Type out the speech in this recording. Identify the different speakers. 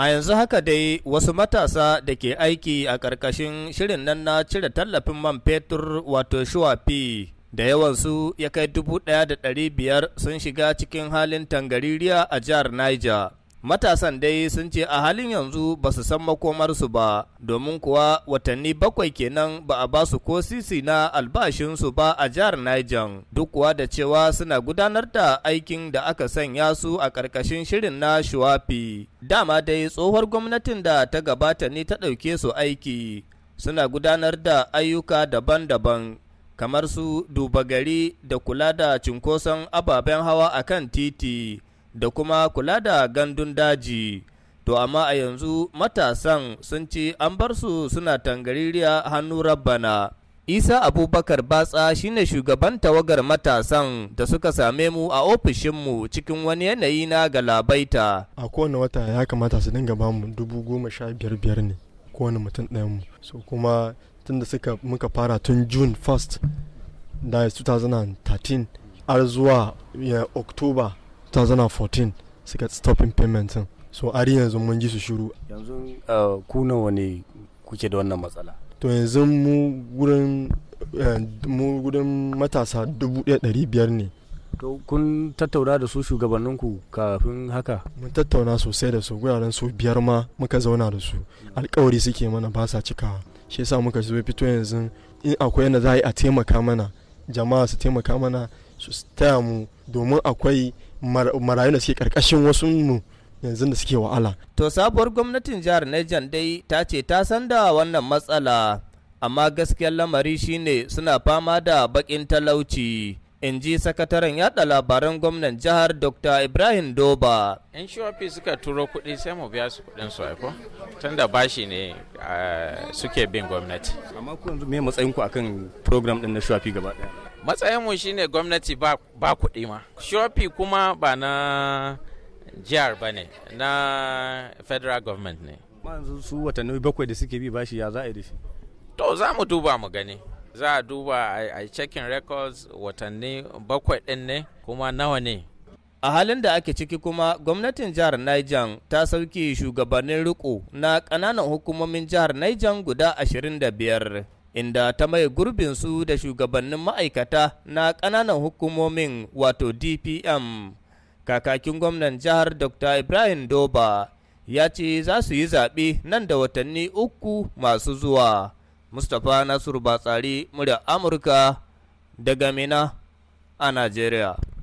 Speaker 1: A yanzu haka dai wasu matasa da ke aiki a ƙarƙashin shirin nan na cire tallafin man fetur wato shuwafi da yawansu ya kai 1500 sun shiga cikin halin tangaririya a jihar Niger Matasan dai sun ce a halin yanzu ba su san makomarsu ba, domin kuwa watanni bakwai kenan ba a ba su ko sisi na albashinsu ba a jihar Niger, duk kuwa da cewa suna gudanar da aikin da aka sanya su a ƙarƙashin shirin na shuwafi. Dama dai tsohuwar gwamnatin da ta gabata ne ta ɗauke su aiki, suna gudanar da ayyuka daban-daban. kamar su duba gari da kula da cinkoson ababen hawa a kan titi da kuma kula da gandun daji to amma a yanzu matasan sun ci an bar su suna tangaririya hannu rabbana isa abubakar batsa shine shugaban tawagar matasan da suka same mu a ofishinmu cikin wani yanayi na galabaita
Speaker 2: a kowane wata ya kamata su dinga bamu dubu goma sha biyar biyar ne kowane mutum ɗayan mu so kuma tun da suka muka fara tun june 1st 2013 har zuwa october 2014 suka stopping payment din so ari yanzu mun ji su shiru yanzu
Speaker 1: uh, ku nawa ne kuke da wannan matsala
Speaker 2: to yanzu mu gurin eh, mu gurin matasa 1500 ne to kun tattauna da su shugabannin ku kafin haka mun tattauna sosai da su guraren su biyar ma muka zauna da su alkawari suke mana ba sa cikawa shi yasa muka zo fito yanzu in akwai yadda za a yi a taimaka mana jama'a su taimaka mana su taya mu domin akwai marayu da suke karkashin wasu mu yanzu da suke wa'ala.
Speaker 1: To sabuwar gwamnatin jihar Niger dai ta ce ta san da wannan matsala amma gaskiyar lamari shine suna fama da bakin talauci. in ji sakataren yada labaran gwamnan jihar dr ibrahim doba
Speaker 3: yan shopi suka turo kuɗi sai mu biya su kuɗin su aiko. tun da bashi ne ah, suke bin gwamnati amma ku
Speaker 1: yanzu me matsayin ku akan program din na shopi gaba ɗaya
Speaker 3: matsayinmu shine gwamnati ba kuɗi ma Shofi kuma ba na jihar ba ne na federal government ne
Speaker 1: yanzu su watanni bakwai da suke bi bashi ya za a yi da shi
Speaker 3: to za mu duba mu gani za a duba a checking records watanni bakwai ɗin ne kuma nawa ne
Speaker 1: a halin da ake ciki kuma gwamnatin jihar Niger ta sauke shugabannin riko na ƙananan hukumomin jihar Niger guda 25 inda ta mai gurbinsu da shugabannin ma'aikata na ƙananan hukumomin wato dpm kakakin gwamnan jihar dr ibrahim doba ya ce za su yi zaɓe nan da watanni uku masu zuwa mustapha nasiru batsari murya amurka daga mina a najeriya